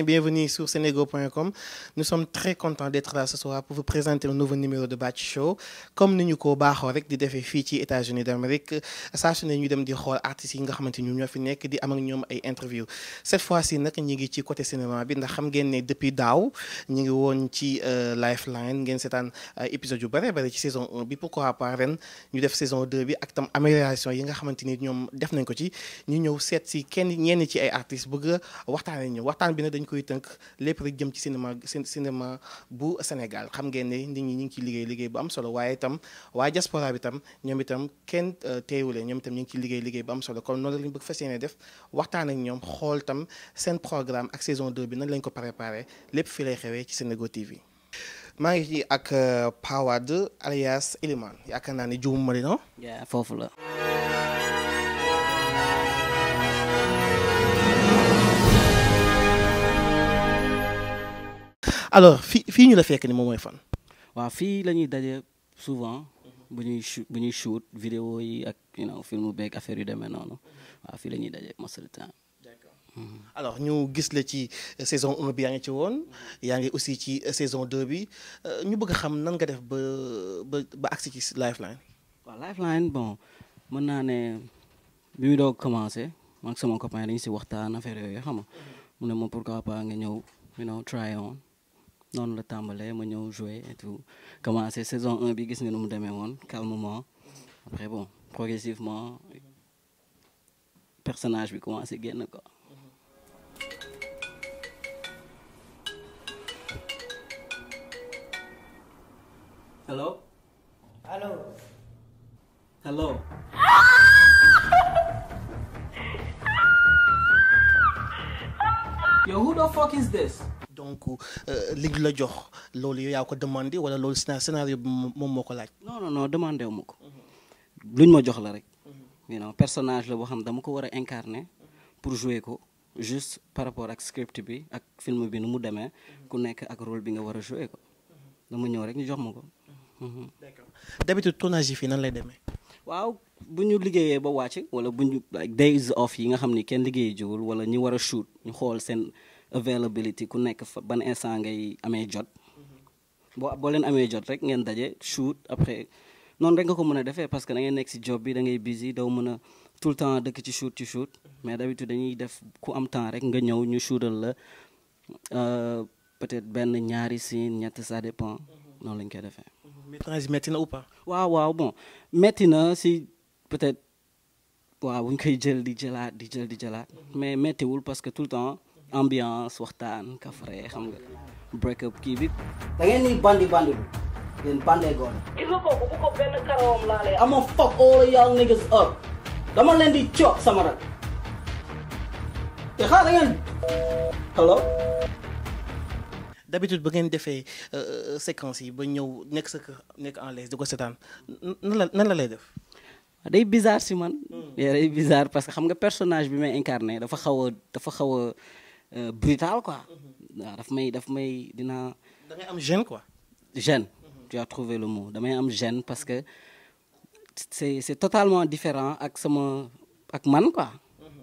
et bienvenue sur senego.com nous sommes très contents d'être là ce soir pour vous présenter un nouveau numéro de Bathie Show comme ni ñu ko baaxoo rek di defee fii ci États-Unis d'Amérique saa su ñu dem di xool artistes yi nga xamante ñu ngi ci côté cinéma bi ndax xam ngeen ne depuis daaw ñu ngi woon ci euh, Lifeline ngeen seetaan euh, épisode yu bare bare ci saison 1 bi pourquoi pas ren ñu def saison 2 bi ak tam amélioration yi nga xamante ni ñoom def nañ ko ci ñu ñëw seet si kenn ñenn ci ay artistes bëgg a ñu waxtaan bi nag dañ koy tënk lépp rek jëm ci cinéma bu Sénégal xam ngeen ne nit ñi ñu ngi ciy liggéey liggéey bu am solo waaye itam waa diaspora bi itam ñoom itam kenn euh, teewulee ñoom itam ñu ngi ciy liggéey liggéey bu am solo comme noonu la ñu bëgg fas yéene def waxtaan ak ñoom xool itam seen programme ak saison 2 bi nan lañ ko préparé lépp fi lay xewee ci Senego TV. maa ngi ci ak euh, Pawad alias Eliman yaakaar naa ne juum ma ah? foofu la. alors fii fii ñu la fekk ni moom mooy fan. waaw fii la ñuy daje souvent bu ñuy bu ñuy shoot vidéo yi ak you know filmu beeg affaire yu demee noonu waaw fii la ñuy daje most of the time. Mhm. alors ñu gis la ci euh, saison 1 bi yaa ngi ci woon mhm. yaa ngi aussi ci euh, saison 2 bi euh, ñu bëgg a xam nan nga def ba ba ba agsi ci Lifeline. waaw Lifeline bon mën naa ne bi mu doog commencé man sama copain dañu si waxtaan affaire yooyu xam nga mhm. mu ne ma pourquoi pas nga ñëw you know try noonu la tàmbalee ma ñëw jouer et tout commencé saison 1 bi gis nga nu mu demee woon calmement après bon progressivement personnage bi commencé génn quoi. allo. allo. allo. Yo, who the fuck is donc euh, li ñu la jox loolu yow yaa ko demandé wala loolu scénario bi moom moo ko laaj. non non non demandé wu ma ko. luñ ma jox la rek. you know personnage la boo xam dama ko war a incarner pour jouer ko juste par rapport ak script bi ak film bi nu mu demee ku nekk ak rôle bi nga war a jouer ko dama ñëw rek ñu jox ma ko. Mhm. d'accord d'habitude fii nan lay demee. waaw bu ñu liggéeyee ba wàcc wala bu ñu like days off yi nga xam ni kenn liggéey jiwul wala ñi war a shoot ñu xool seen. availability ku nekk fa ban instant ngay amee jot. boo boo leen amee jot rek ngeen daje shoot après noonu rek nga ko mën a defee parce que da ngay nekk si job bi da ngay busy daw mën tout le temps dëkk ci shoot ci shoot mais d'habitude dañuy def ku am temps rek nga ñëw ñu shootal la euh, peut-être benn ñaari scene ñett ça dépend noonu lañ koy defee. métrage métti na waaw waaw bon métti na si peut-être waaw bu ñu koy jël di jëlaat di jël di jëlaat mais méttiwul parce que tout le temps. ambiance waxtaan kafre xam nga break kii bi. da ngeen ni bandi bandi lu yéen bandee góor gis nga kooku ba ngeen defee euh, euh, séquence yi ba ñëw nekk sa kër nekk en l'aise di ko setaan nan la nan la lay def. day si man. Hmm. day bizarre parce que xam nga personnage bi may incarné dafa xaw dafa xaw Euh, brutal quoi. waaw daf may daf may dinaa. da ngay am gêne quoi. gêne. tu as trouvé le mot damay am gêne parce que c'est c'est totalement différent ak sama ak man quoi.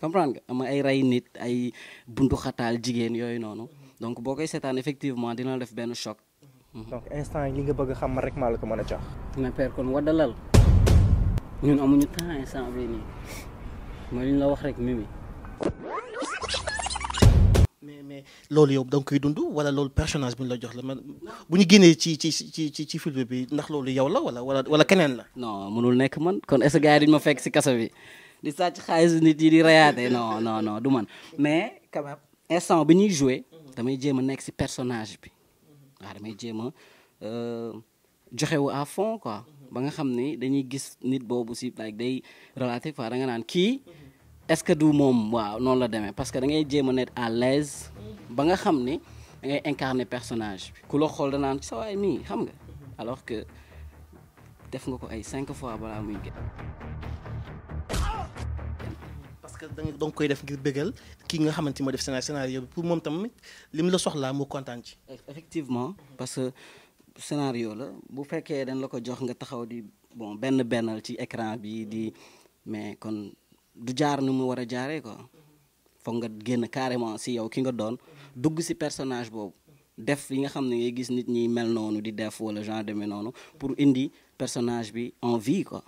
comprendre nga ay rey nit ay buntu xataal jigéen yooyu noonu. donc boo koy seetaan effectivement dina def benn choc. donc instant li nga bëgg xam rek maa ko mën a jox. dina père kon waddalal ñun amuñu temps instant bii nii li ñu wax rek mimi. mais mais loolu yow da nga koy dund wala loolu personnage bi ñu la jox la man bu ñu génnee ci ci ci ci ci film bi ndax loolu yow la wala wala wala keneen la. no mënul nekk man kon est-ce que gars ma fekk si kaso bi di sàcc xaalisu nit yi di reyaate non non no du man mais quand instant bi ñuy joué. damay jéem a nekk si personnage bi waaw jéem a euh, joxe à fond quoi ba nga xam ni dañuy gis nit boobu si like day relaté quoi da naan kii. est-ce que du moom waaw noonu la demee parce que da ngay jéem a nekk à l'aise ba nga xam ni da ngay incarner personnage bi ku la xool danaan sa waay nii xam nga alors que def nga ko ay cinq fois balaa muy gën. parce que da nga koy def ngir bëggal kii nga xamante moo def scénario scénario bi pour moom tamit li mu la soxlaa mu kontaan ci. effectivement parce que scénario la bu fekkee dañ la ko jox nga taxaw di bon benn bennal ci écran bi di mais kon. du jaar nu mu war a jaaree quoi foog nga génn carrément si yow ki nga doon dugg si personnage boobu def yi nga xam ne ngay gis nit ñi mel noonu di def wala genre demee noonu pour indi personnage bi en vie quoi.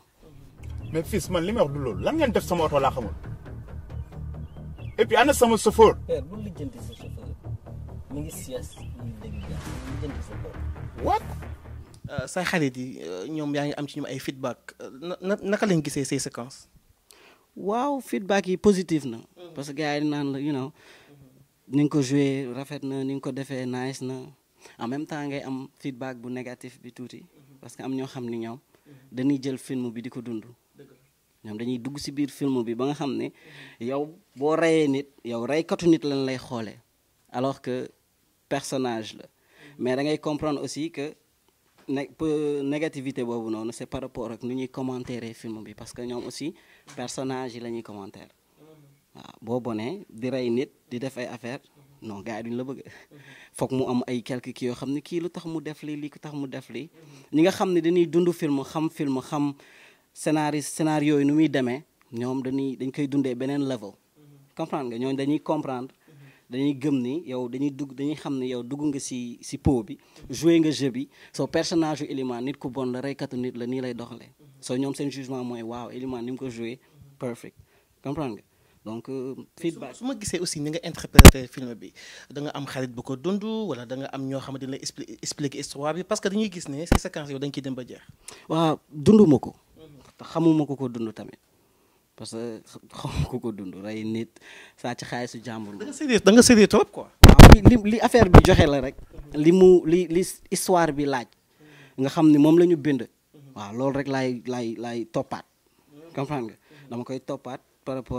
mais fils lan ngeen def sama oto laa xamul et eh, sa chauffeur mi euh, xarit yi euh, ñoom yaa ngi am ci ñoom ay feedback euh, na naka lañ gisee say séquence. waaw feedback yi positif na. Mm-hmm. parce que gars yi naan la you know mm-hmm. ni nga ko joué rafet na ni nga ko defee nice na en même temps ngay am feedback bu négatif bi tuuti. Mm-hmm. parce que am ñoo xam ni ñoom dañuy jël film bi di ko dund. ñoom dañuy dugg ci biir film bi ba nga xam ne yow boo reyee nit yow reykatu nit lañ lay xoolee alors que personnage la mais da comprendre aussi que. né négativité boobu noonu c'est par rapport ak nu ñuy commentaire film bi parce que ñoom aussi personnage yi la ñuy commentaire waaw boo bonee di rey nit di def ay affaire non gars yi la bëgg foog mu am ay quelques kii yoo xam ne kii lu tax mu def lii lii ko tax mu def lii ñi nga xam ne dañuy dund film xam film xam scénario scénario yi nu muy demee ñoom dañuy dañ koy dundee beneen level comprendre nga ñooñu dañuy comprendre dañuy gëm ni yow dañuy dugg dañuy xam ne yow dugg nga si si pot bi joué nga jeu bi soo personnage yu Elimane nit ku bon la reykatu nit la nii lay doxalee soo ñoom seen jugement mooy waaw Elimane ni mu ko joué perfect comprendre nga donc euh, feedback su ma gisee aussi ni nga interpréter film bi da am xarit bu ko dund wala da nga am ñoo xamante ne expliquer histoire bi parce que dañuy gis ne ces séquences yow dañ ciy dem ba jeex waaw dund ma ko xamuma ko ko dund tamit parce que xaw ko ko dund rey nit saa ci xaalisu jàmbur. da nga sérieux da nga joxe la rek. li mu li li histoire bi laaj. nga xam ni moom la ñu waaw loolu rek laay laay laay toppaat. comprendre nga dama koy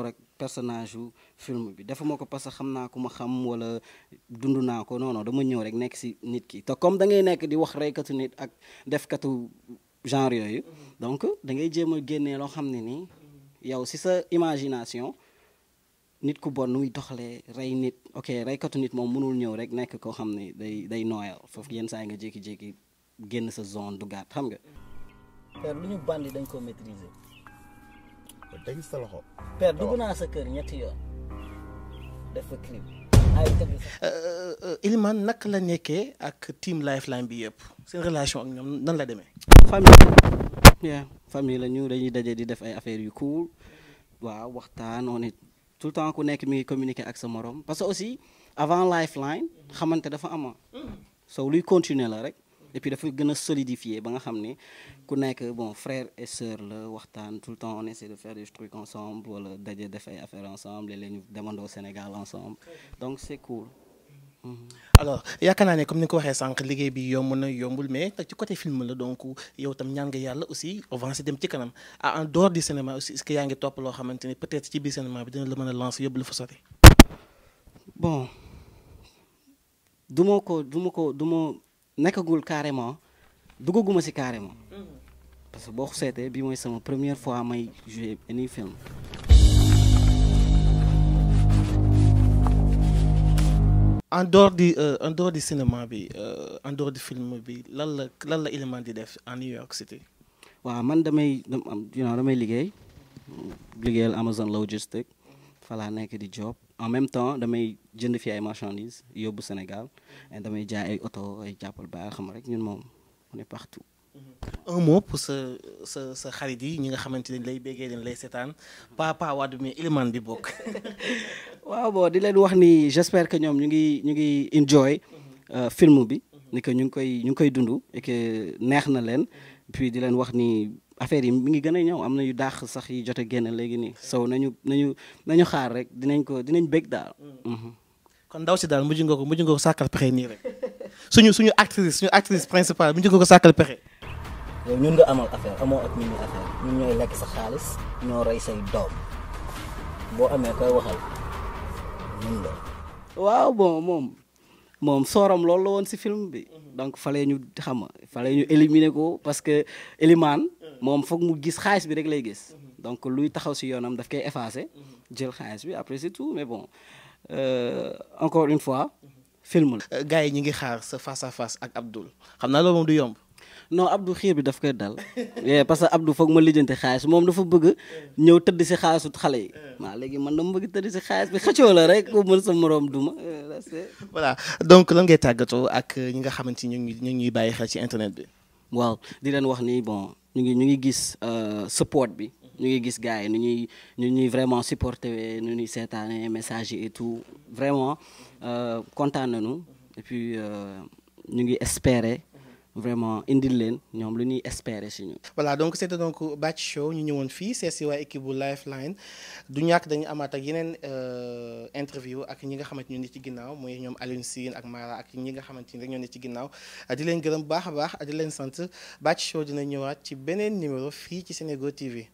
ak personnage yu film bi defuma ko parce que xam naa ku ma xam wala dund naa ko non non dama ñëw rek nekk si nit ki te comme dangay nekk di wax reykatu nit ak defkatu genre yooyu. donc da ngay jéem loo xam ne nii. yow si sa imagination nit ku bon nu muy doxalee rey nit ok reykatu nit moom mënul ñëw rek nekk koo xam ne day day nooyal foofu yenn saa nga jékki-jékki génn sa zone du gat xam nga. père lu ñu bandi dañ koo maîtriser. dañ sa loxo. père dugg naa sa kër ñetti euh, euh, euh, la nekkee ak team lifeline bi yëpp seen relation ak ñoom nan la demee. famille la ñu dañuy daje di def ay affaires yu cool waaw waxtaan on tout le temps ku nekk mi ngi communiquer ak sa morom parce que aussi avant lifeline xamante dafa ama so luy continuer la rek et puis dafa gën a solidifier ba nga xam ne ku nekk bon frère et sœur la waxtaan tout le temps on essaie de faire des trucs ensemble wala daje def ay affaires ensemble léeg ñu demandoo Sénégal ensemble donc c'est cool Mm-hmm. alors yaakaar naa ne comme ni nga ko waxee sànq liggéey bi yomb na yombul mais ci côté film la donc yow tam ñaan nga yàlla aussi avancé dem ci kanam ah en dehors du aussi est-ce ngi topp loo xamante ni peut ci biir cinéma bi dina la mën a lancer yóbbu la fa sori. bon du ma ko du ma ko du ma nekkagul carrément duggaguma si carrément. Mm-hmm. parce boo ko seetee bi mooy sama première fois may jouer any film. en dehors du euh, en dehors du cinéma bi euh, en dehors du film bi lan la lan la élément di def en New York City. waaw man damay damay liggéey liggéeyal Amazon logistique fa nekk di job en même temps damay jënd fi ay yóbbu Sénégal damay jaay ay oto ay jàppal baax rek ñun moom on est partout. un mot pour sa xarit yi ñi nga xamante ne lay béggee leen lay seetaan papa Wade mais Elimane bi bokk. waaw bo di leen wax ni j'espère que ñoom ñu ngi ñu ngi enjoy euh, film bi. ni que ñu ngi koy ñu ngi koy dund et que neex na leen puis di leen wax ni affaire yi mu ngi gën a ñëw am na yu daax sax yi jot a génn léegi nii so nañu nañu nañu xaar rek dinañ ko dinañ bég daal. Mm. Mm-hmm. kon ndaw si daal mujj nga ko mujj nga ko sàkkal pexe nii rek suñu suñu actrice suñu actrice principale mujj nga ko sàkkal pexe. yow ñun nga amal affaire amoo ak ñun ñu affaire ñun ñooy lekk sa xaalis ñoo rey say doom boo amee koy waxal waaw bon moom moom sooram loolu la woon si film bi mhm. donc falee ñu xama falee ñu éliminer ko parce que Elimane mhm. moom foog mu gis xaalis bi rek lay gis mhm. donc luy taxaw si yoonam daf koy effacer jël xaalis bi après c'est tout mais bon euh, encore une fois film la. Euh, gars yi ñu ngi xaar sa face à face ak Abdoul xam naa loolu moom du yomb. non Abdou xiir bi daf koy dal eh, parce que Abdou foog ma lijjanti xaalis moom dafa bëgg ñëw tëdd si xaalisu xale yi waaw eh. léegi man dama bëgg tëdd si xaalis bi xëccoo la rek mën sa moroom duma eh, voilà donc lan ngay tàggatoo ak ñi nga xamante ni ñu ngi ñuy bàyyi xel ci internet waaw di leen wax ni bon ñu ngi ñu ngi gis euh, support bi ñu ngi gis gars yi nu ñu ñuy vraiment supporter nu ñuy seetaane message et tout vraiment euh, kontaan nañu et puis euh, ñu ngi espérer vraiment indil leen ñoom lu ñuy espérer si ñu. voilà donc c'était donc bàcc Show ñu ñëwoon fii seet si waa équipe bu Lifeline du ñàkk dañu amaat ak yeneen euh, interview ak ñi nga xamante ñu ngi ci ginnaaw mooy ñoom Alioune Sine ak Mara ak ñi nga xamante ni rek ñoo ci ginnaaw di leen gërëm bu baax a baax di leen sant Bathie Show dina ñëwaat ci beneen numéro fii ci Senego TV.